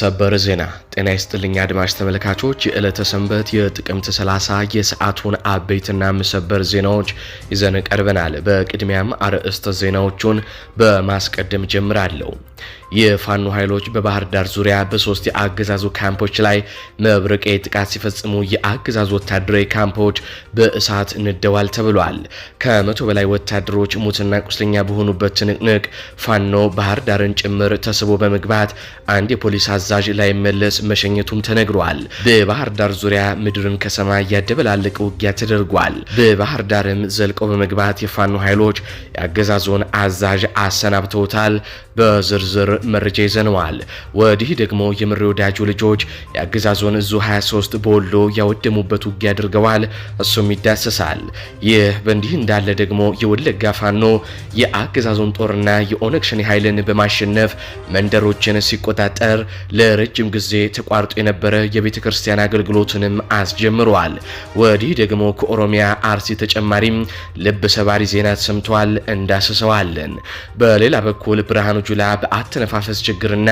ሰበር ዜና ጤና ይስጥልኝ አድማጭ ተመልካቾች፣ የዕለተ ሰንበት የጥቅምት 30 የሰዓቱን አበይትና ምሰበር ዜናዎች ይዘን ቀርበናል። በቅድሚያም አርዕስተ ዜናዎቹን በማስቀደም ጀምራለሁ። የፋኖ ኃይሎች በባህር ዳር ዙሪያ በሶስት የአገዛዙ ካምፖች ላይ መብረቄ ጥቃት ሲፈጽሙ የአገዛዙ ወታደራዊ ካምፖች በእሳት ንደዋል ተብሏል። ከመቶ በላይ ወታደሮች ሙትና ቁስለኛ በሆኑበት ትንቅንቅ ፋኖ ባህር ዳርን ጭምር ተስቦ በመግባት አንድ የፖሊስ አዛዥ ላይመለስ መሸኘቱም ተነግሯል። በባህር ዳር ዙሪያ ምድርን ከሰማይ ያደበላለቀ ውጊያ ተደርጓል። በባህር ዳርም ዘልቆ በመግባት የፋኖ ኃይሎች የአገዛዙን አዛዥ አሰናብተውታል። በዝርዝር መረጃ ይዘነዋል። ወዲህ ደግሞ የምሬ ወዳጁ ልጆች የአገዛዞን እዙ 23 በወሎ ያወደሙበት ውጊያ አድርገዋል። እሱም ይዳሰሳል። ይህ በእንዲህ እንዳለ ደግሞ የወለጋ ፋኖ የአገዛዞን ጦርና የኦነግ ሸኔ ኃይልን በማሸነፍ መንደሮችን ሲቆጣጠር ለረጅም ጊዜ ተቋርጦ የነበረ የቤተ ክርስቲያን አገልግሎትንም አስጀምረዋል። ወዲህ ደግሞ ከኦሮሚያ አርሲ ተጨማሪም ልብ ሰባሪ ዜና ሰምተዋል እንዳስሰዋለን። በሌላ በኩል ብርሃኑ ጁላ በአተነ የአተነፋፈስ ችግርና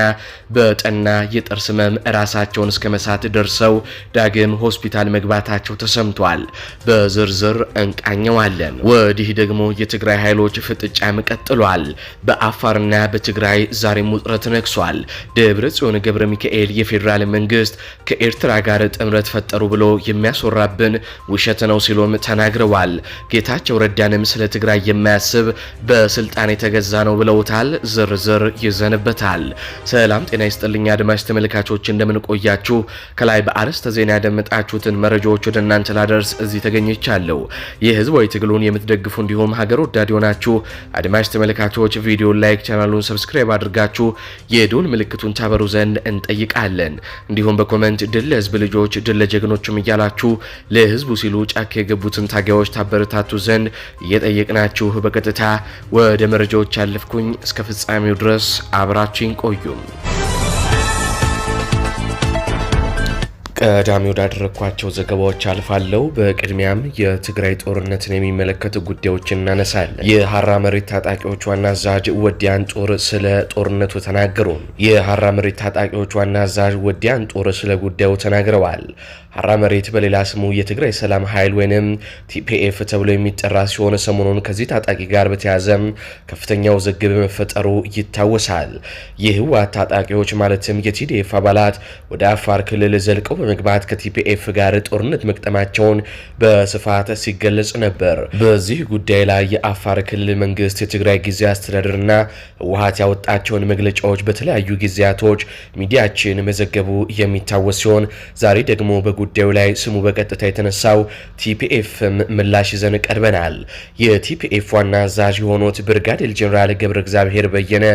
በጠና የጥርስ ህመም ራሳቸውን እስከ መሳት ደርሰው ዳግም ሆስፒታል መግባታቸው ተሰምቷል። በዝርዝር እንቃኘዋለን። ወዲህ ደግሞ የትግራይ ኃይሎች ፍጥጫም ቀጥሏል። በአፋርና በትግራይ ዛሬም ውጥረት ነግሷል። ደብረ ጽዮን ገብረ ሚካኤል የፌዴራል መንግስት ከኤርትራ ጋር ጥምረት ፈጠሩ ብሎ የሚያስወራብን ውሸት ነው ሲሉም ተናግረዋል። ጌታቸው ረዳንም ስለ ትግራይ የማያስብ በስልጣን የተገዛ ነው ብለውታል። ዝርዝር ይዘንበ ይገኙበታል። ሰላም ጤና ይስጥልኝ አድማጭ ተመልካቾች እንደምንቆያችሁ ከላይ በአርዕስተ ዜና ያደመጣችሁትን መረጃዎች ወደ እናንተ ላደርስ እዚህ ተገኝቻለሁ። ይህ ትግሉን የምትደግፉ እንዲሁም ሀገር ወዳድ የሆናችሁ አድማጭ ተመልካቾች ቪዲዮን ላይክ፣ ቻናሉን ሰብስክራይብ አድርጋችሁ የዶል ምልክቱን ታበሩ ዘንድ እንጠይቃለን። እንዲሁም በኮመንት ድል ለህዝብ ልጆች ድል ለጀግኖችም እያላችሁ ለህዝቡ ሲሉ ጫካ የገቡትን ታጋዮች ታበረታቱ ዘንድ እየጠየቅናችሁ በቀጥታ ወደ መረጃዎች ያለፍኩኝ እስከ ፍጻሜው ድረስ አብራ አብራችን ቆዩም። ቀዳሚ ወዳደረግኳቸው ዘገባዎች አልፋለሁ። በቅድሚያም የትግራይ ጦርነትን የሚመለከቱ ጉዳዮችን እናነሳለን። የሀራ መሬት ታጣቂዎች ዋና አዛዥ ወዲያን ጦር ስለ ጦርነቱ ተናገሩ። የሀራ መሬት ታጣቂዎች ዋና አዛዥ ወዲያን ጦር ስለ ጉዳዩ ተናግረዋል። ሀራ መሬት በሌላ ስሙ የትግራይ ሰላም ኃይል ወይንም ቲፒኤፍ ተብሎ የሚጠራ ሲሆን ሰሞኑን ከዚህ ታጣቂ ጋር በተያያዘ ከፍተኛ ውዝግብ መፈጠሩ ይታወሳል። የህወሓት ታጣቂዎች ማለትም የቲዲኤፍ አባላት ወደ አፋር ክልል ዘልቀው በመግባት ከቲፒኤፍ ጋር ጦርነት መቅጠማቸውን በስፋት ሲገለጽ ነበር። በዚህ ጉዳይ ላይ የአፋር ክልል መንግስት የትግራይ ጊዜ አስተዳደርና ህወሀት ያወጣቸውን መግለጫዎች በተለያዩ ጊዜያቶች ሚዲያችን መዘገቡ የሚታወስ ሲሆን ዛሬ ደግሞ በጉዳዩ ላይ ስሙ በቀጥታ የተነሳው ቲፒኤፍም ምላሽ ይዘን ቀርበናል። የቲፒኤፍ ዋና አዛዥ የሆኑት ብርጋዴር ጀኔራል ገብረ እግዚአብሔር በየነ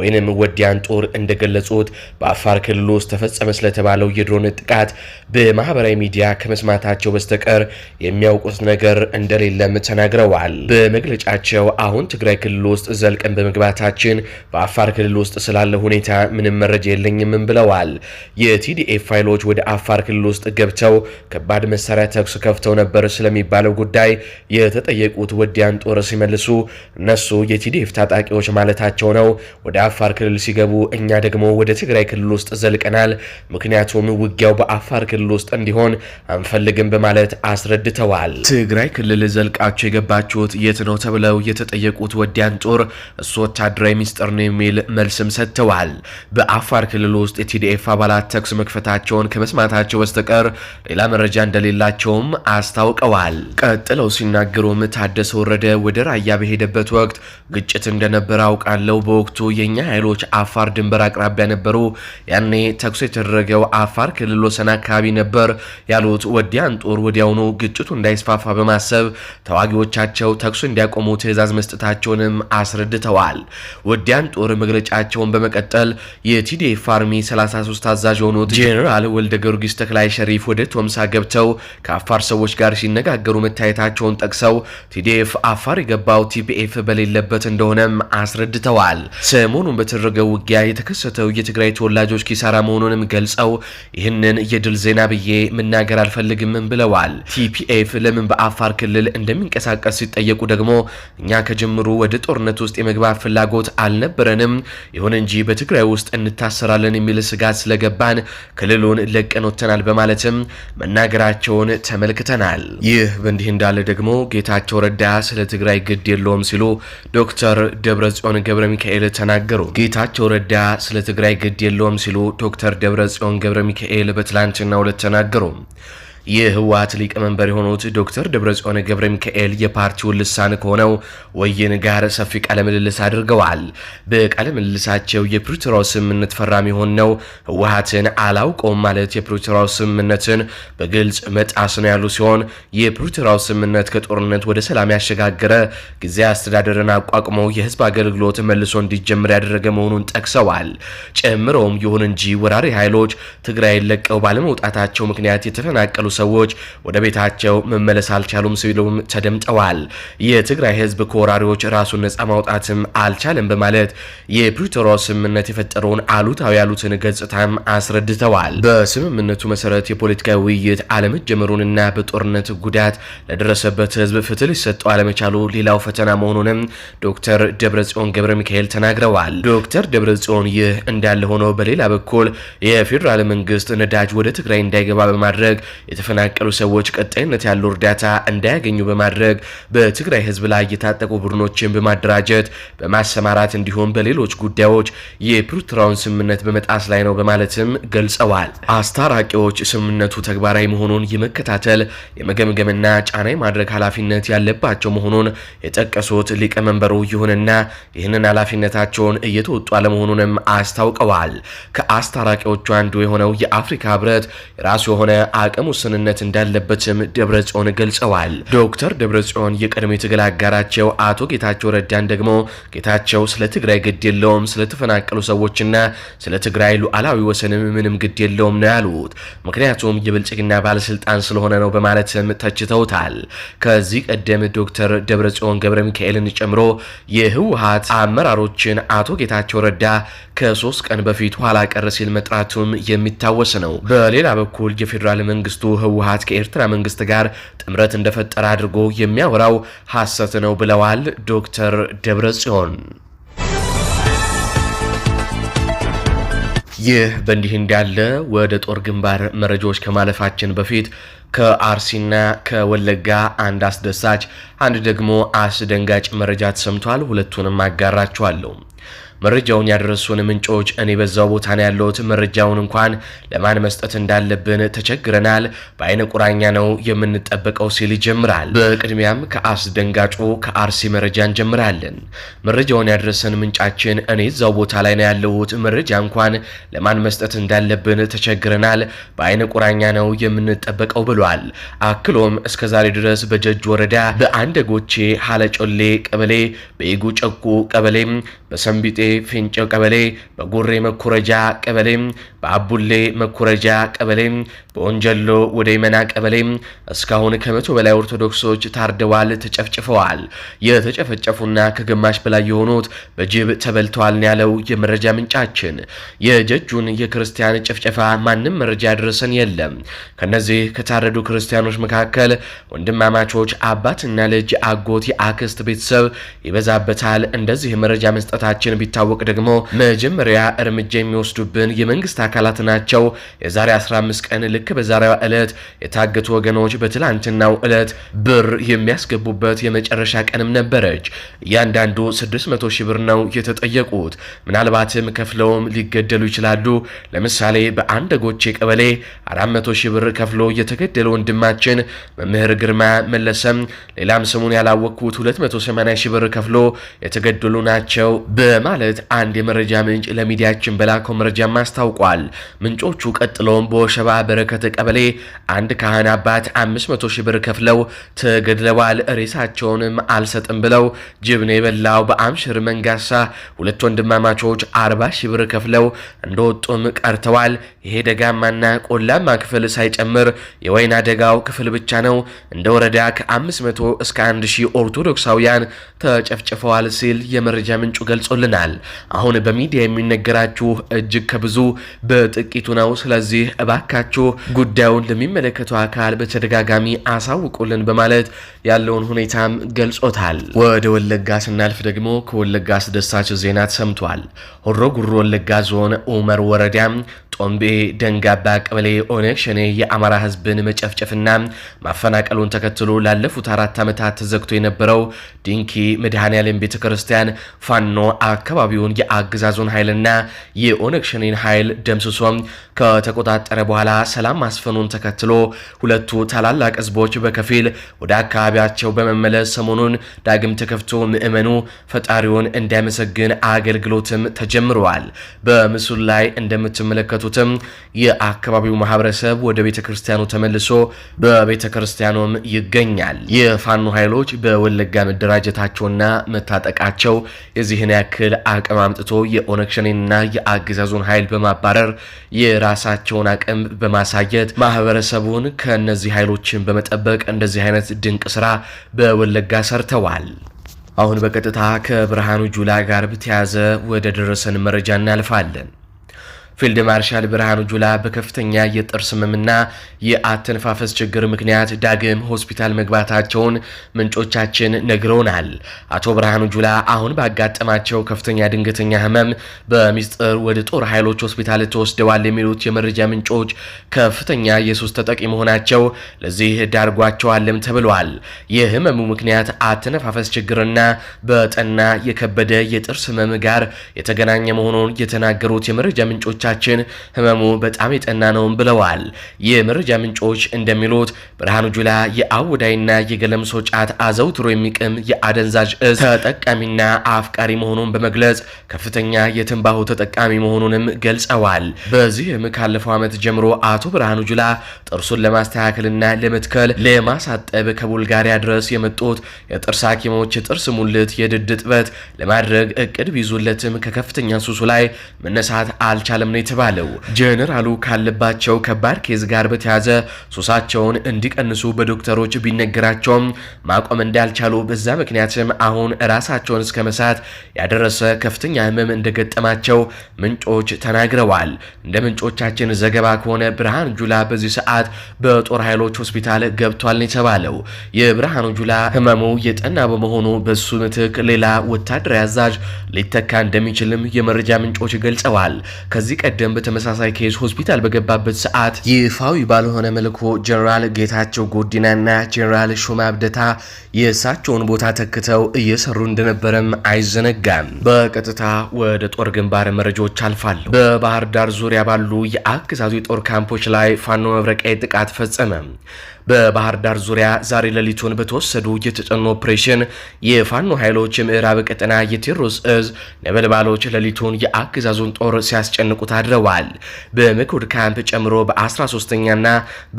ወይንም ወዲያን ጦር እንደገለጹት በአፋር ክልል ውስጥ ተፈጸመ ስለተባለው የድሮን ጥቃት በማህበራዊ ሚዲያ ከመስማታቸው በስተቀር የሚያውቁት ነገር እንደሌለም ተናግረዋል። በመግለጫቸው አሁን ትግራይ ክልል ውስጥ ዘልቀን በመግባታችን በአፋር ክልል ውስጥ ስላለ ሁኔታ ምንም መረጃ የለኝም ብለዋል። የቲዲኤፍ ፋይሎች ወደ አፋር ክልል ውስጥ ገብተው ከባድ መሳሪያ ተኩስ ከፍተው ነበር ስለሚባለው ጉዳይ የተጠየቁት ወዲያን ጦር ሲመልሱ እነሱ የቲዲኤፍ ታጣቂዎች ማለታቸው ነው። ወደ አፋር ክልል ሲገቡ እኛ ደግሞ ወደ ትግራይ ክልል ውስጥ ዘልቀናል። ምክንያቱም ውጊያው በአፋ አፋር ክልል ውስጥ እንዲሆን አንፈልግም በማለት አስረድተዋል። ትግራይ ክልል ዘልቃችሁ የገባችሁት የት ነው ተብለው የተጠየቁት ወዲያን ጦር እሱ ወታደራዊ ሚስጥር ነው የሚል መልስም ሰጥተዋል። በአፋር ክልል ውስጥ የቲዲኤፍ አባላት ተኩስ መክፈታቸውን ከመስማታቸው በስተቀር ሌላ መረጃ እንደሌላቸውም አስታውቀዋል። ቀጥለው ሲናገሩም ታደሰ ወረደ ወደ ራያ በሄደበት ወቅት ግጭት እንደነበረ አውቃለሁ። በወቅቱ የእኛ ኃይሎች አፋር ድንበር አቅራቢያ ነበሩ። ያኔ ተኩስ የተደረገው አፋር ክልል ሰና። አካባቢ ነበር ያሉት ወዲያን ጦር ወዲያውኑ ግጭቱ እንዳይስፋፋ በማሰብ ተዋጊዎቻቸው ተክሶ እንዲያቆሙ ትዕዛዝ መስጠታቸውንም አስረድተዋል። ወዲያን ጦር መግለጫቸውን በመቀጠል የቲዲኤፍ አርሚ 33 አዛዥ የሆኑት ጄኔራል ወልደ ጊዮርጊስ ተክላይ ሸሪፍ ወደ ቶምሳ ገብተው ከአፋር ሰዎች ጋር ሲነጋገሩ መታየታቸውን ጠቅሰው ቲዲኤፍ አፋር የገባው ቲፒኤፍ በሌለበት እንደሆነም አስረድተዋል። ሰሞኑን በተደረገው ውጊያ የተከሰተው የትግራይ ተወላጆች ኪሳራ መሆኑንም ገልጸው ይህንን የድ ድል ዜና ብዬ መናገር አልፈልግምን ብለዋል። ቲፒኤፍ ለምን በአፋር ክልል እንደሚንቀሳቀስ ሲጠየቁ ደግሞ እኛ ከጀምሩ ወደ ጦርነት ውስጥ የመግባት ፍላጎት አልነበረንም፣ ይሁን እንጂ በትግራይ ውስጥ እንታሰራለን የሚል ስጋት ስለገባን ክልሉን ለቀን ወጥተናል በማለትም መናገራቸውን ተመልክተናል። ይህ በእንዲህ እንዳለ ደግሞ ጌታቸው ረዳ ስለ ትግራይ ግድ የለውም ሲሉ ዶክተር ደብረጽዮን ገብረ ሚካኤል ተናገሩ። ጌታቸው ረዳ ስለ ትግራይ ግድ የለውም ሲሉ ዶክተር ደብረጽዮን ገብረ ሚካኤል በትላንት ዳንችና ሁለት ተናገሩ። የህወሀት ሊቀመንበር የሆኑት ዶክተር ደብረጽዮን ገብረ ሚካኤል የፓርቲውን ልሳን ከሆነው ወይን ጋር ሰፊ ቃለ ምልልስ አድርገዋል። በቃለ ምልልሳቸው የፕሪቶሪያው ስምምነት ፈራሚ ነው ህወሀትን አላውቀውም ማለት የፕሪቶሪያው ስምምነትን በግልጽ መጣስ ነው ያሉ ሲሆን የፕሪቶሪያው ስምምነት ከጦርነት ወደ ሰላም ያሸጋገረ ጊዜ አስተዳደርን አቋቁሞ የህዝብ አገልግሎት መልሶ እንዲጀምር ያደረገ መሆኑን ጠቅሰዋል። ጨምረውም ይሁን እንጂ ወራሪ ኃይሎች ትግራይ ለቀው ባለመውጣታቸው ምክንያት የተፈናቀሉ ሰዎች ወደ ቤታቸው መመለስ አልቻሉም ሲሉም ተደምጠዋል። የትግራይ ህዝብ ከወራሪዎች ራሱን ነጻ ማውጣትም አልቻለም በማለት የፕሪቶሪያው ስምምነት የፈጠረውን አሉታዊ ያሉትን ገጽታም አስረድተዋል። በስምምነቱ መሰረት የፖለቲካዊ ውይይት አለመጀመሩንና በጦርነት ጉዳት ለደረሰበት ህዝብ ፍትህ ሊሰጠው አለመቻሉ ሌላው ፈተና መሆኑንም ዶክተር ደብረጽዮን ገብረ ሚካኤል ተናግረዋል። ዶክተር ደብረጽዮን ይህ እንዳለ ሆኖ በሌላ በኩል የፌዴራል መንግስት ነዳጅ ወደ ትግራይ እንዳይገባ በማድረግ የተፈናቀሉ ሰዎች ቀጣይነት ያለው እርዳታ እንዳያገኙ በማድረግ በትግራይ ህዝብ ላይ የታጠቁ ቡድኖችን በማደራጀት በማሰማራት እንዲሁም በሌሎች ጉዳዮች የፕሪቶሪያውን ስምምነት በመጣስ ላይ ነው በማለትም ገልጸዋል። አስታራቂዎች ስምምነቱ ተግባራዊ መሆኑን የመከታተል የመገምገምና ጫና የማድረግ ኃላፊነት ያለባቸው መሆኑን የጠቀሱት ሊቀመንበሩ ይሁንና ይህንን ኃላፊነታቸውን እየተወጡ አለመሆኑንም አስታውቀዋል። ከአስታራቂዎቹ አንዱ የሆነው የአፍሪካ ህብረት የራሱ የሆነ አቅም ውስን ውስንነት እንዳለበትም ደብረጽዮን ገልጸዋል። ዶክተር ደብረጽዮን የቀድሞ የትግል አጋራቸው አቶ ጌታቸው ረዳን ደግሞ ጌታቸው ስለ ትግራይ ግድ የለውም ስለተፈናቀሉ ሰዎችና ስለ ትግራይ ሉዓላዊ ወሰንም ምንም ግድ የለውም ነው ያሉት። ምክንያቱም የብልጽግና ባለስልጣን ስለሆነ ነው በማለትም ተችተውታል። ከዚህ ቀደም ዶክተር ደብረጽዮን ገብረ ሚካኤልን ጨምሮ የህወሀት አመራሮችን አቶ ጌታቸው ረዳ ከሶስት ቀን በፊት ኋላ ቀር ሲል መጥራቱም የሚታወስ ነው። በሌላ በኩል የፌዴራል መንግስቱ ህወሀት ከኤርትራ መንግስት ጋር ጥምረት እንደፈጠረ አድርጎ የሚያወራው ሐሰት ነው ብለዋል ዶክተር ደብረጽዮን። ይህ በእንዲህ እንዳለ ወደ ጦር ግንባር መረጃዎች ከማለፋችን በፊት ከአርሲና ከወለጋ አንድ አስደሳች አንድ ደግሞ አስደንጋጭ መረጃ ተሰምቷል። ሁለቱንም አጋራችኋለሁ። መረጃውን ያደረሱን ምንጮች እኔ በዛው ቦታ ነው ያለሁት፣ መረጃውን እንኳን ለማን መስጠት እንዳለብን ተቸግረናል፣ በአይነ ቁራኛ ነው የምንጠበቀው ሲል ይጀምራል። በቅድሚያም ከአስደንጋጩ ከአርሲ መረጃ እንጀምራለን። መረጃውን ያደረሰን ምንጫችን እኔ እዛው ቦታ ላይ ነው ያለሁት፣ መረጃ እንኳን ለማን መስጠት እንዳለብን ተቸግረናል፣ በአይነ ቁራኛ ነው የምንጠበቀው ብሏል። አክሎም እስከዛሬ ድረስ በጀጅ ወረዳ በአንደጎቼ ጎቼ ሀለጮሌ ቀበሌ በይጉ ጨቁ ቀበሌ በሰንቢጤ ፊንጮ ቀበሌ፣ በጉሬ መኩረጃ ቀበሌ፣ በአቡሌ መኩረጃ ቀበሌ፣ በወንጀሎ ወደ ይመና ቀበሌ እስካሁን ከመቶ በላይ ኦርቶዶክሶች ታርደዋል፣ ተጨፍጭፈዋል። የተጨፈጨፉና ከግማሽ በላይ የሆኑት በጅብ ተበልተዋል ነው ያለው የመረጃ ምንጫችን። የጀጁን የክርስቲያን ጭፍጨፋ ማንም መረጃ ያደረሰን የለም። ከነዚህ ከታረዱ ክርስቲያኖች መካከል ወንድማማቾች፣ አባትና ልጅ፣ አጎት፣ የአክስት ቤተሰብ ይበዛበታል። እንደዚህ መረጃ መስጠታችን ቢታ ሲታወቅ ደግሞ መጀመሪያ እርምጃ የሚወስዱብን የመንግስት አካላት ናቸው። የዛሬ 15 ቀን ልክ በዛሬዋ ዕለት የታገቱ ወገኖች በትላንትናው ዕለት ብር የሚያስገቡበት የመጨረሻ ቀንም ነበረች። እያንዳንዱ 600 ሺህ ብር ነው የተጠየቁት። ምናልባትም ከፍለውም ሊገደሉ ይችላሉ። ለምሳሌ በአንድ ጎቼ ቀበሌ 400 ሺህ ብር ከፍሎ የተገደለ ወንድማችን መምህር ግርማ መለሰም፣ ሌላም ስሙን ያላወቅኩት 280 ሺህ ብር ከፍሎ የተገደሉ ናቸው በማለት በማለት አንድ የመረጃ ምንጭ ለሚዲያችን በላከው መረጃም አስታውቋል። ምንጮቹ ቀጥለውም በወሸባ በረከተ ቀበሌ አንድ ካህን አባት 500 ሺህ ብር ከፍለው ተገድለዋል። ሬሳቸውንም አልሰጥም ብለው ጅብን የበላው በአምሽር መንጋሳ ሁለት ወንድማማቾች 40 ሺህ ብር ከፍለው እንደወጡም ቀርተዋል። ይሄ ደጋማና ቆላማ ክፍል ሳይጨምር የወይና ደጋው ክፍል ብቻ ነው እንደ ወረዳ ከ500 እስከ 1000 ኦርቶዶክሳውያን ተጨፍጭፈዋል ሲል የመረጃ ምንጩ ገልጾልናል። አሁን በሚዲያ የሚነገራችሁ እጅግ ከብዙ በጥቂቱ ነው። ስለዚህ እባካችሁ ጉዳዩን ለሚመለከተው አካል በተደጋጋሚ አሳውቁልን በማለት ያለውን ሁኔታም ገልጾታል። ወደ ወለጋ ስናልፍ ደግሞ ከወለጋ አስደሳች ዜና ተሰምቷል። ሆሮ ጉሮ ወለጋ ዞን ኡመር ወረዳ ጮምቤ ደንጋባ ቀበሌ ኦነግ ሸኔ የአማራ ህዝብን መጨፍጨፍና ማፈናቀሉን ተከትሎ ላለፉት አራት ዓመታት ተዘግቶ የነበረው ድንኪ መድኃኔዓለም ቤተ ክርስቲያን ፋኖ አካባቢውን የአገዛዙን ኃይልና የኦነግ ሸኔን ኃይል ደምስሶ ከተቆጣጠረ በኋላ ሰላም ማስፈኑን ተከትሎ ሁለቱ ታላላቅ ህዝቦች በከፊል ወደ አካባቢያቸው በመመለስ ሰሞኑን ዳግም ተከፍቶ ምዕመኑ ፈጣሪውን እንዲያመሰግን አገልግሎትም ተጀምረዋል። በምስሉ ላይ እንደምትመለከቱ እንዳመለከቱትም የአካባቢው ማህበረሰብ ወደ ቤተ ክርስቲያኑ ተመልሶ በቤተ ክርስቲያኑም ይገኛል። የፋኖ ኃይሎች በወለጋ መደራጀታቸውና መታጠቃቸው የዚህን ያክል አቅም አምጥቶ የኦነግ ሸኔንና የአገዛዙን ኃይል በማባረር የራሳቸውን አቅም በማሳየት ማህበረሰቡን ከእነዚህ ኃይሎችን በመጠበቅ እንደዚህ አይነት ድንቅ ስራ በወለጋ ሰርተዋል። አሁን በቀጥታ ከብርሃኑ ጁላ ጋር በተያያዘ ወደ ደረሰን መረጃ እናልፋለን። ፊልድ ማርሻል ብርሃኑ ጁላ በከፍተኛ የጥርስ ህመምና የአተነፋፈስ ችግር ምክንያት ዳግም ሆስፒታል መግባታቸውን ምንጮቻችን ነግረውናል። አቶ ብርሃኑ ጁላ አሁን ባጋጠማቸው ከፍተኛ ድንገተኛ ህመም በሚስጥር ወደ ጦር ኃይሎች ሆስፒታል ተወስደዋል የሚሉት የመረጃ ምንጮች ከፍተኛ የሱስ ተጠቂ መሆናቸው ለዚህ ዳርጓቸዋልም ተብሏል። የህመሙ ምክንያት አተነፋፈስ ችግርና በጠና የከበደ የጥርስ ህመም ጋር የተገናኘ መሆኑን የተናገሩት የመረጃ ምንጮች። አድማጮቻችን ህመሙ በጣም የጠና ነውም ብለዋል። የመረጃ ምንጮች እንደሚሉት ብርሃኑ ጁላ የአወዳይና የገለምሶ ጫት አዘውትሮ የሚቅም የአደንዛዥ እጽ ተጠቃሚና አፍቃሪ መሆኑን በመግለጽ ከፍተኛ የትንባሆ ተጠቃሚ መሆኑንም ገልጸዋል። በዚህም ካለፈው ዓመት ጀምሮ አቶ ብርሃኑ ጁላ ጥርሱን ለማስተካከልና ለመትከል ለማሳጠብ ከቡልጋሪያ ድረስ የመጡት የጥርስ ሐኪሞች የጥርስ ሙልት፣ የድድ ጥበት ለማድረግ እቅድ ቢይዙለትም ከከፍተኛ ሱሱ ላይ መነሳት አልቻለም ነው የተባለው። ጄኔራሉ ካለባቸው ከባድ ኬዝ ጋር በተያዘ ሱሳቸውን እንዲቀንሱ በዶክተሮች ቢነገራቸውም ማቆም እንዳልቻሉ፣ በዛ ምክንያትም አሁን ራሳቸውን እስከ መሳት ያደረሰ ከፍተኛ ህመም እንደገጠማቸው ምንጮች ተናግረዋል። እንደ ምንጮቻችን ዘገባ ከሆነ ብርሃኑ ጁላ በዚህ ሰዓት በጦር ኃይሎች ሆስፒታል ገብቷል ነው የተባለው። የብርሃኑ ጁላ ህመሙ የጠና በመሆኑ በሱ ምትክ ሌላ ወታደራዊ አዛዥ ሊተካ እንደሚችልም የመረጃ ምንጮች ገልጸዋል። ከዚህ ቀደም በተመሳሳይ ኬዝ ሆስፒታል በገባበት ሰዓት ይፋዊ ባልሆነ መልኩ ጀኔራል ጌታቸው ጎዲናና ጀኔራል ሹማ አብደታ የእሳቸውን ቦታ ተክተው እየሰሩ እንደነበረም አይዘነጋም። በቀጥታ ወደ ጦር ግንባር መረጃዎች አልፋሉ። በባህር ዳር ዙሪያ ባሉ የአገዛዙ የጦር ካምፖች ላይ ፋኖ መብረቃዊ ጥቃት ፈጸመ። በባህር ዳር ዙሪያ ዛሬ ሌሊቱን በተወሰዱ የተጠኑ ኦፕሬሽን የፋኖ ኃይሎች የምዕራብ ቀጠና የቴዎድሮስ እዝ ነበልባሎች ሌሊቱን የአገዛዙን ጦር ሲያስጨንቁ ታድረዋል። በምክውድ ካምፕ ጨምሮ በ13ኛና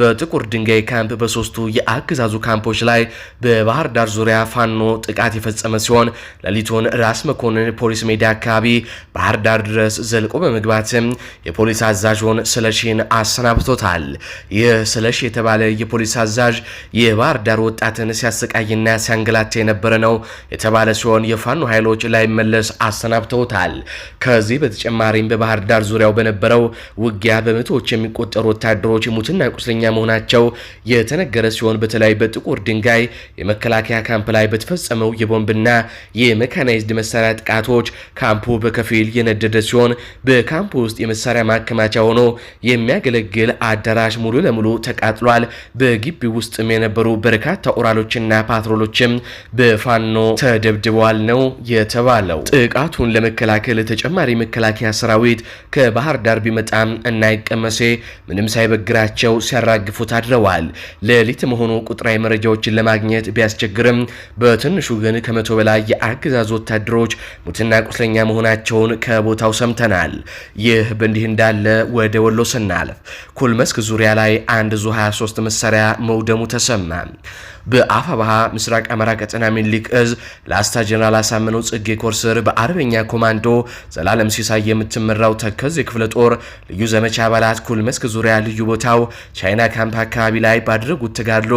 በጥቁር ድንጋይ ካምፕ በሶስቱ የአገዛዙ ካምፖች ላይ በባህር ዳር ዙሪያ ፋኖ ጥቃት የፈጸመ ሲሆን ሌሊቱን ራስ መኮንን ፖሊስ ሜዳ አካባቢ ባህር ዳር ድረስ ዘልቆ በመግባትም የፖሊስ አዛዥን ስለሺን አሰናብቶታል። ይህ ስለሺ የተባለ የፖሊስ ፖሊስ አዛዥ የባህር ዳር ወጣትን ሲያሰቃይና ሲያንገላታ የነበረ ነው የተባለ ሲሆን የፋኖ ኃይሎች ላይመለስ አሰናብተውታል። ከዚህ በተጨማሪም በባህር ዳር ዙሪያው በነበረው ውጊያ በመቶዎች የሚቆጠሩ ወታደሮች ሙትና ቁስለኛ መሆናቸው የተነገረ ሲሆን በተለይ በጥቁር ድንጋይ የመከላከያ ካምፕ ላይ በተፈጸመው የቦምብና የመካናይዝድ መሳሪያ ጥቃቶች ካምፑ በከፊል የነደደ ሲሆን በካምፕ ውስጥ የመሳሪያ ማከማቻ ሆኖ የሚያገለግል አዳራሽ ሙሉ ለሙሉ ተቃጥሏል። በግቢ ውስጥም የነበሩ በርካታ ኦራሎችና ፓትሮሎችም በፋኖ ተደብድበዋል ነው የተባለው። ጥቃቱን ለመከላከል ተጨማሪ መከላከያ ሰራዊት ከባህር ዳር ቢመጣም እናይቀመሴ ምንም ሳይበግራቸው ሲያራግፉት አድረዋል። ሌሊት መሆኑ ቁጥራዊ መረጃዎችን ለማግኘት ቢያስቸግርም በትንሹ ግን ከመቶ በላይ የአገዛዙ ወታደሮች ሙትና ቁስለኛ መሆናቸውን ከቦታው ሰምተናል። ይህ በእንዲህ እንዳለ ወደ ወሎ ስናልፍ ኩልመስክ ዙሪያ ላይ አንድ ዙ 23 መሳሪያ መውደሙ ተሰማ። በአፋባሃ ምስራቅ አማራ ቀጠና ሚኒሊክ እዝ ላስታ ጀነራል አሳምነው ጽጌ ኮርስር በአርበኛ ኮማንዶ ዘላለም ሲሳይ የምትመራው ተከዝ የክፍለ ጦር ልዩ ዘመቻ አባላት ኩልመስክ ዙሪያ ልዩ ቦታው ቻይና ካምፕ አካባቢ ላይ ባደረጉት ተጋድሎ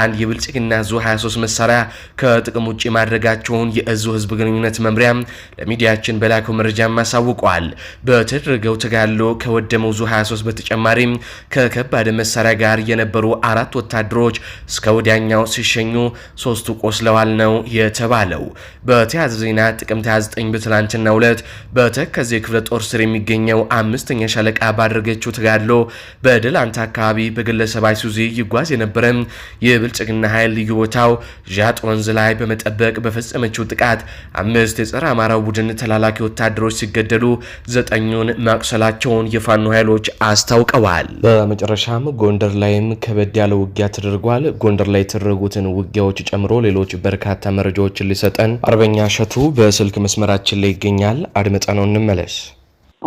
አንድ የብልጽግና ዙ 23 መሳሪያ ከጥቅም ውጭ ማድረጋቸውን የእዙ ህዝብ ግንኙነት መምሪያ ለሚዲያችን በላከው መረጃም አሳውቋል። በተደረገው ተጋድሎ ከወደመው ዙ 23 በተጨማሪም ከከባድ መሳሪያ ጋር የነበሩ አራት ወታደሮች እስከ ወዲያኛው ወዲያው ሲሸኙ ሶስቱ ቆስለዋል ነው የተባለው። በተያያዘ ዜና ጥቅምት 29 በትላንትናው ዕለት በተከዜ ክፍለ ጦር ስር የሚገኘው አምስተኛ ሻለቃ ባደረገችው ተጋድሎ በደላንታ አካባቢ በግለሰብ አይሱዚ ይጓዝ የነበረ የብልጽግና ኃይል ልዩ ቦታው ዣጥ ወንዝ ላይ በመጠበቅ በፈጸመችው ጥቃት አምስት የጸረ አማራው ቡድን ተላላኪ ወታደሮች ሲገደሉ ዘጠኙን ማቁሰላቸውን የፋኖ ኃይሎች አስታውቀዋል። በመጨረሻም ጎንደር ላይም ከበድ ያለ ውጊያ ተደርጓል። ጎንደር ላይ ትር ያደረጉትን ውጊያዎች ጨምሮ ሌሎች በርካታ መረጃዎችን ሊሰጠን አርበኛ እሸቱ በስልክ መስመራችን ላይ ይገኛል። አድምጠ ነው እንመለስ።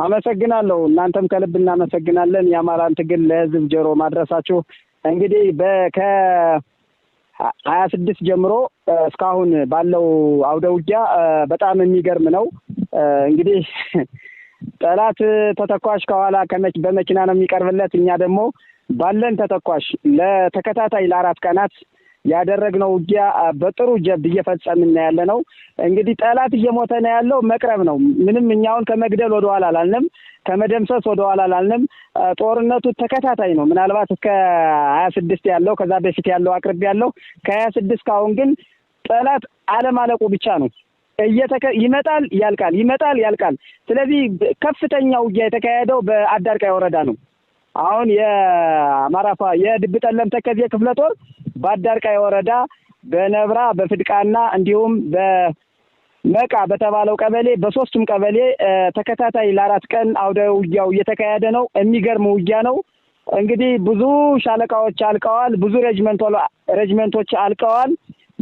አመሰግናለሁ። እናንተም ከልብ እናመሰግናለን። የአማራን ትግል ለህዝብ ጆሮ ማድረሳችሁ እንግዲህ ከ ሀያ ስድስት ጀምሮ እስካሁን ባለው አውደ ውጊያ በጣም የሚገርም ነው። እንግዲህ ጠላት ተተኳሽ ከኋላ በመኪና ነው የሚቀርብለት። እኛ ደግሞ ባለን ተተኳሽ ለተከታታይ ለአራት ቀናት ያደረግነው ውጊያ በጥሩ ጀብድ እየፈጸምን ነው ያለ ነው። እንግዲህ ጠላት እየሞተ ነው ያለው። መቅረብ ነው ምንም እኛውን ከመግደል ወደኋላ አላልንም፣ ከመደምሰስ ወደኋላ አላልንም። ጦርነቱ ተከታታይ ነው። ምናልባት እስከ ሀያ ስድስት ያለው ከዛ በፊት ያለው አቅርብ ያለው ከሀያ ስድስት ካሁን ግን ጠላት አለማለቁ ብቻ ነው እየተከ ይመጣል ያልቃል፣ ይመጣል ያልቃል። ስለዚህ ከፍተኛ ውጊያ የተካሄደው በአዳርቃይ ወረዳ ነው። አሁን የአማራ የድብ ጠለም ተከዜ ክፍለ ጦር በአዳርቃይ ወረዳ በነብራ በፍድቃና እንዲሁም በመቃ በተባለው ቀበሌ በሶስቱም ቀበሌ ተከታታይ ለአራት ቀን አውደ ውጊያው እየተካሄደ ነው። የሚገርም ውጊያ ነው። እንግዲህ ብዙ ሻለቃዎች አልቀዋል። ብዙ ሬጅመንቶች አልቀዋል።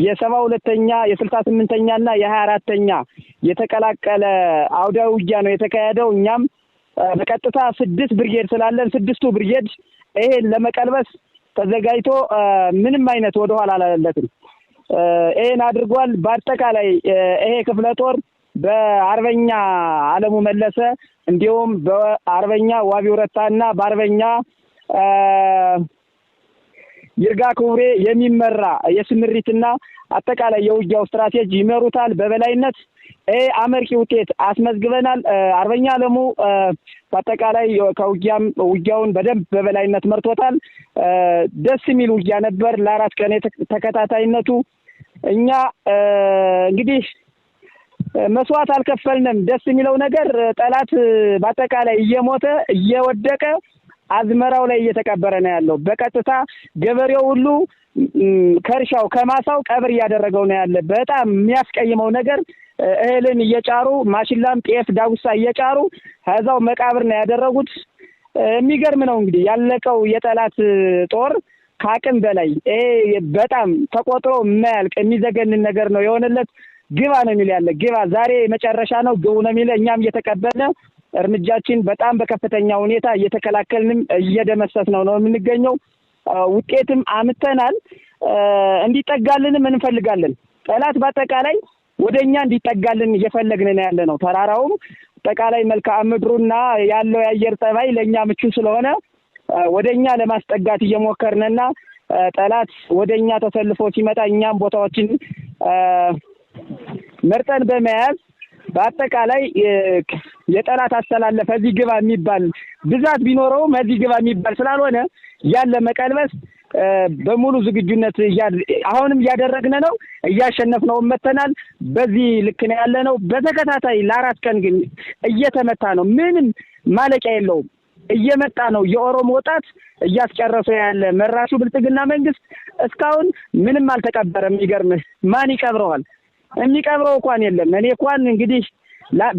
የሰባ ሁለተኛ የስልሳ ስምንተኛ እና የሀያ አራተኛ የተቀላቀለ አውደ ውጊያ ነው የተካሄደው እኛም በቀጥታ ስድስት ብርጌድ ስላለን ስድስቱ ብርጌድ ይሄን ለመቀልበስ ተዘጋጅቶ ምንም አይነት ወደኋላ አላለለትም። ይሄን አድርጓል። በአጠቃላይ ይሄ ክፍለ ጦር በአርበኛ አለሙ መለሰ እንዲሁም በአርበኛ ዋቢ ረታና በአርበኛ ይርጋ ክቡሬ የሚመራ የስምሪትና አጠቃላይ የውጊያው ስትራቴጂ ይመሩታል። በበላይነት አመርቂ ውጤት አስመዝግበናል። አርበኛ አለሙ በአጠቃላይ ከውጊያም ውጊያውን በደንብ በበላይነት መርቶታል። ደስ የሚል ውጊያ ነበር። ለአራት ቀን ተከታታይነቱ እኛ እንግዲህ መስዋዕት አልከፈልንም። ደስ የሚለው ነገር ጠላት በአጠቃላይ እየሞተ እየወደቀ አዝመራው ላይ እየተቀበረ ነው ያለው። በቀጥታ ገበሬው ሁሉ ከእርሻው ከማሳው ቀብር እያደረገው ነው ያለ። በጣም የሚያስቀይመው ነገር እህልን እየጫሩ ማሽላም፣ ጤፍ፣ ዳጉሳ እየጫሩ ከዛው መቃብር ነው ያደረጉት። የሚገርም ነው እንግዲህ ያለቀው የጠላት ጦር ከአቅም በላይ ይሄ በጣም ተቆጥሮ የማያልቅ የሚዘገንን ነገር ነው የሆነለት። ግባ ነው የሚል ያለ ግባ ዛሬ መጨረሻ ነው ግቡ ነው የሚለ እኛም እየተቀበልነ እርምጃችን በጣም በከፍተኛ ሁኔታ እየተከላከልንም እየደመሰስ ነው ነው የምንገኘው። ውጤትም አምተናል። እንዲጠጋልንም እንፈልጋለን። ጠላት በአጠቃላይ ወደ እኛ እንዲጠጋልን እየፈለግን ነው ያለ ነው። ተራራውም አጠቃላይ መልክዓ ምድሩና ያለው የአየር ጠባይ ለእኛ ምቹ ስለሆነ ወደ እኛ ለማስጠጋት እየሞከርንና ጠላት ወደ እኛ ተሰልፎ ሲመጣ እኛም ቦታዎችን መርጠን በመያዝ በአጠቃላይ የጠላት አሰላለፍ እዚህ ግባ የሚባል ብዛት ቢኖረውም እዚህ ግባ የሚባል ስላልሆነ ያለ መቀልበስ በሙሉ ዝግጁነት አሁንም እያደረግን ነው። እያሸነፍነው መተናል። በዚህ ልክ ነው ያለ ነው። በተከታታይ ለአራት ቀን ግን እየተመታ ነው። ምንም ማለቂያ የለውም። እየመጣ ነው። የኦሮሞ ወጣት እያስጨረሰ ያለ መራሹ ብልጽግና መንግስት እስካሁን ምንም አልተቀበረም። የሚገርምህ ማን ይቀብረዋል? የሚቀብረው እንኳን የለም። እኔ እንኳን እንግዲህ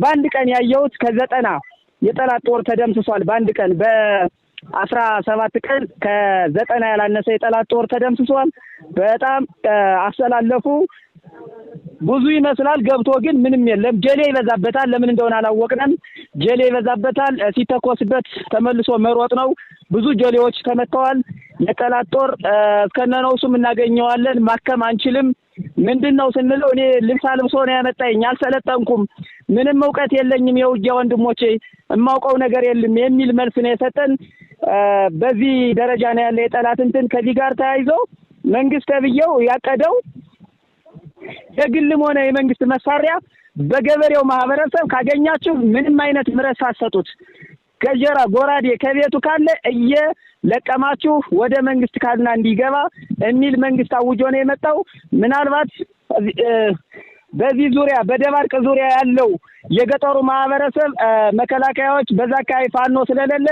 በአንድ ቀን ያየሁት ከዘጠና የጠላት ጦር ተደምስሷል። በአንድ ቀን በአስራ ሰባት ቀን ከዘጠና ያላነሰ የጠላት ጦር ተደምስሷል። በጣም አሰላለፉ ብዙ ይመስላል። ገብቶ ግን ምንም የለም። ጀሌ ይበዛበታል። ለምን እንደሆነ አላወቅንም። ጀሌ ይበዛበታል። ሲተኮስበት ተመልሶ መሮጥ ነው። ብዙ ጀሌዎች ተመተዋል። የጠላት ጦር እስከነነውሱም እናገኘዋለን። ማከም አንችልም። ምንድን ነው ስንለው እኔ ልብሳ ልብሶ ነው ያመጣኝ አልሰለጠንኩም ምንም እውቀት የለኝም የውጊያ ወንድሞቼ የማውቀው ነገር የለም የሚል መልስ ነው የሰጠን። በዚህ ደረጃ ነው ያለ የጠላት እንትን። ከዚህ ጋር ተያይዞ መንግስት ተብዬው ያቀደው የግልም ሆነ የመንግስት መሳሪያ በገበሬው ማህበረሰብ ካገኛችሁ ምንም አይነት ምረት ሳትሰጡት ገጀራ፣ ጎራዴ ከቤቱ ካለ እየለቀማችሁ ወደ መንግስት ካልና እንዲገባ የሚል መንግስት አውጆ ነው የመጣው ምናልባት በዚህ ዙሪያ በደባርቅ ዙሪያ ያለው የገጠሩ ማህበረሰብ መከላከያዎች በዛ አካባቢ ፋኖ ስለሌለ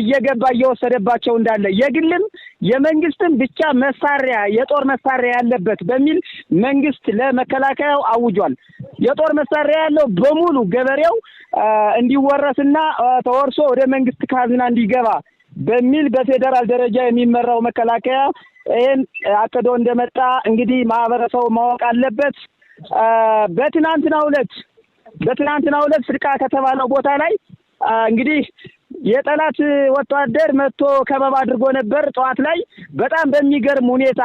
እየገባ እየወሰደባቸው እንዳለ የግልም የመንግስትም ብቻ መሳሪያ የጦር መሳሪያ ያለበት በሚል መንግስት ለመከላከያው አውጇል። የጦር መሳሪያ ያለው በሙሉ ገበሬው እንዲወረስና ተወርሶ ወደ መንግስት ካዝና እንዲገባ በሚል በፌዴራል ደረጃ የሚመራው መከላከያ ይህን አቅዶ እንደመጣ እንግዲህ ማህበረሰቡ ማወቅ አለበት። በትናንትናው ዕለት በትናንትናው ዕለት ስርቃ ከተባለው ቦታ ላይ እንግዲህ የጠላት ወታደር መጥቶ ከበባ አድርጎ ነበር። ጠዋት ላይ በጣም በሚገርም ሁኔታ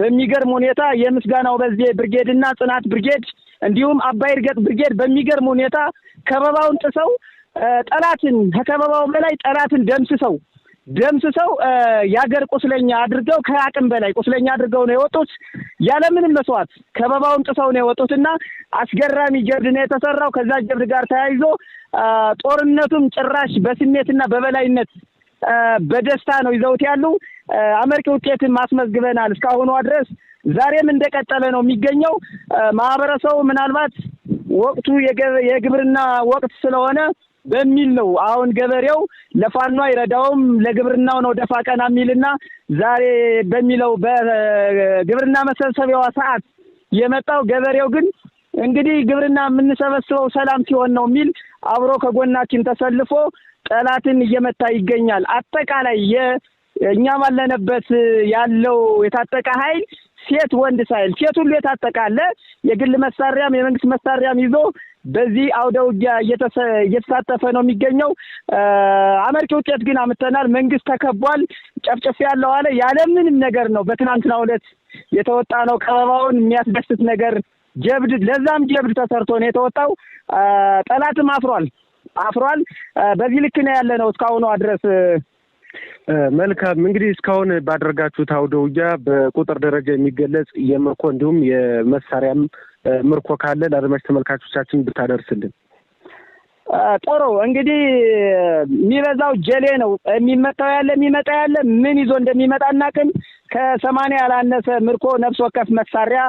በሚገርም ሁኔታ የምስጋናው በዜ ብርጌድ እና ጽናት ብርጌድ እንዲሁም አባይ እርገጥ ብርጌድ በሚገርም ሁኔታ ከበባውን ጥሰው ጠላትን ከከበባው በላይ ጠላትን ደምስሰው ደምስሰው የሀገር ቁስለኛ አድርገው ከአቅም በላይ ቁስለኛ አድርገው ነው የወጡት። ያለምንም መስዋዕት ከበባውን ጥሰው ነው የወጡት እና አስገራሚ ጀብድ ነው የተሰራው። ከዛ ጀብድ ጋር ተያይዞ ጦርነቱም ጭራሽ በስሜትና በበላይነት በደስታ ነው ይዘውት ያሉ። አመርቂ ውጤትን ማስመዝግበናል። እስካሁኗ ድረስ ዛሬም እንደቀጠለ ነው የሚገኘው። ማህበረሰቡ ምናልባት ወቅቱ የግብርና ወቅት ስለሆነ በሚል ነው። አሁን ገበሬው ለፋኖ አይረዳውም ለግብርናው ነው ደፋ ቀና የሚልና ዛሬ በሚለው በግብርና መሰብሰቢያዋ ሰዓት የመጣው ገበሬው ግን እንግዲህ ግብርና የምንሰበስበው ሰላም ሲሆን ነው የሚል አብሮ ከጎናችን ተሰልፎ ጠላትን እየመታ ይገኛል። አጠቃላይ እኛ ባለንበት ያለው የታጠቀ ኃይል ሴት ወንድ ሳይል ሴት ሁሉ የታጠቃለ የግል መሳሪያም የመንግስት መሳሪያም ይዞ በዚህ አውደ ውጊያ እየተሳተፈ ነው የሚገኘው። አመርቂ ውጤት ግን አምጥተናል። መንግስት ተከቧል፣ ጨፍጨፍ ያለው አለ ያለምንም ነገር ነው። በትናንትና ዕለት የተወጣ ነው ከበባውን የሚያስደስት ነገር ጀብድ፣ ለዛም ጀብድ ተሰርቶ ነው የተወጣው። ጠላትም አፍሯል አፍሯል። በዚህ ልክ ነው ያለ ነው እስካሁኗ ድረስ። መልካም እንግዲህ እስካሁን ባደረጋችሁት አውደ ውጊያ በቁጥር ደረጃ የሚገለጽ የምርኮ እንዲሁም የመሳሪያም ምርኮ ካለ ለአድማጭ ተመልካቾቻችን ብታደርስልን። ጥሩ እንግዲህ የሚበዛው ጀሌ ነው የሚመጣው ያለ የሚመጣ ያለ ምን ይዞ እንደሚመጣ እናቅም። ከሰማንያ ያላነሰ ምርኮ ነፍስ ወከፍ መሳሪያ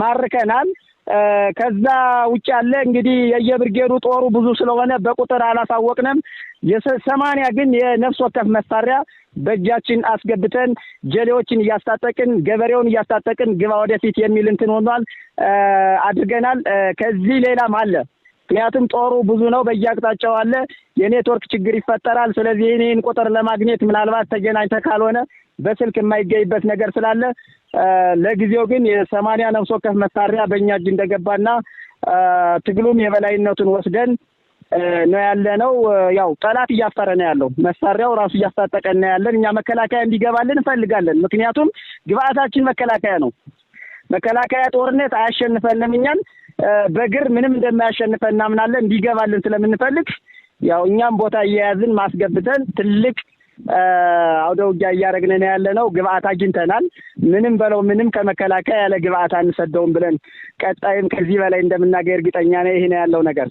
ማርከናል። ከዛ ውጭ ያለ እንግዲህ የየብርጌዱ ጦሩ ብዙ ስለሆነ በቁጥር አላሳወቅንም። የሰማንያ ግን የነፍስ ወከፍ መሳሪያ በእጃችን አስገብተን ጀሌዎችን እያስታጠቅን ገበሬውን እያስታጠቅን ግባ ወደፊት የሚል እንትን ሆኗል አድርገናል። ከዚህ ሌላም አለ ምክንያቱም ጦሩ ብዙ ነው፣ በየአቅጣጫው አለ። የኔትወርክ ችግር ይፈጠራል። ስለዚህ ይህን ቁጥር ለማግኘት ምናልባት ተገናኝተህ ካልሆነ በስልክ የማይገኝበት ነገር ስላለ ለጊዜው ግን የሰማንያ ነፍስ ወከፍ መሳሪያ በእኛ እጅ እንደገባና ትግሉም የበላይነቱን ወስደን ነው ያለ ነው። ያው ጠላት እያፈረ ነው ያለው። መሳሪያው ራሱ እያስታጠቀ ነው ያለን። እኛ መከላከያ እንዲገባልን እንፈልጋለን። ምክንያቱም ግብአታችን መከላከያ ነው። መከላከያ ጦርነት አያሸንፈንም እኛን በግር ምንም እንደማያሸንፈ እናምናለን። እንዲገባልን ስለምንፈልግ ያው እኛም ቦታ እየያዝን ማስገብተን ትልቅ አውደ ውጊያ እያደረግን ነው ያለ ነው። ግብአት አግኝተናል። ምንም በለው ምንም ከመከላከያ ያለ ግብአት አንሰደውም ብለን ቀጣይም ከዚህ በላይ እንደምናገኝ እርግጠኛ ነው። ይሄ ነው ያለው ነገር።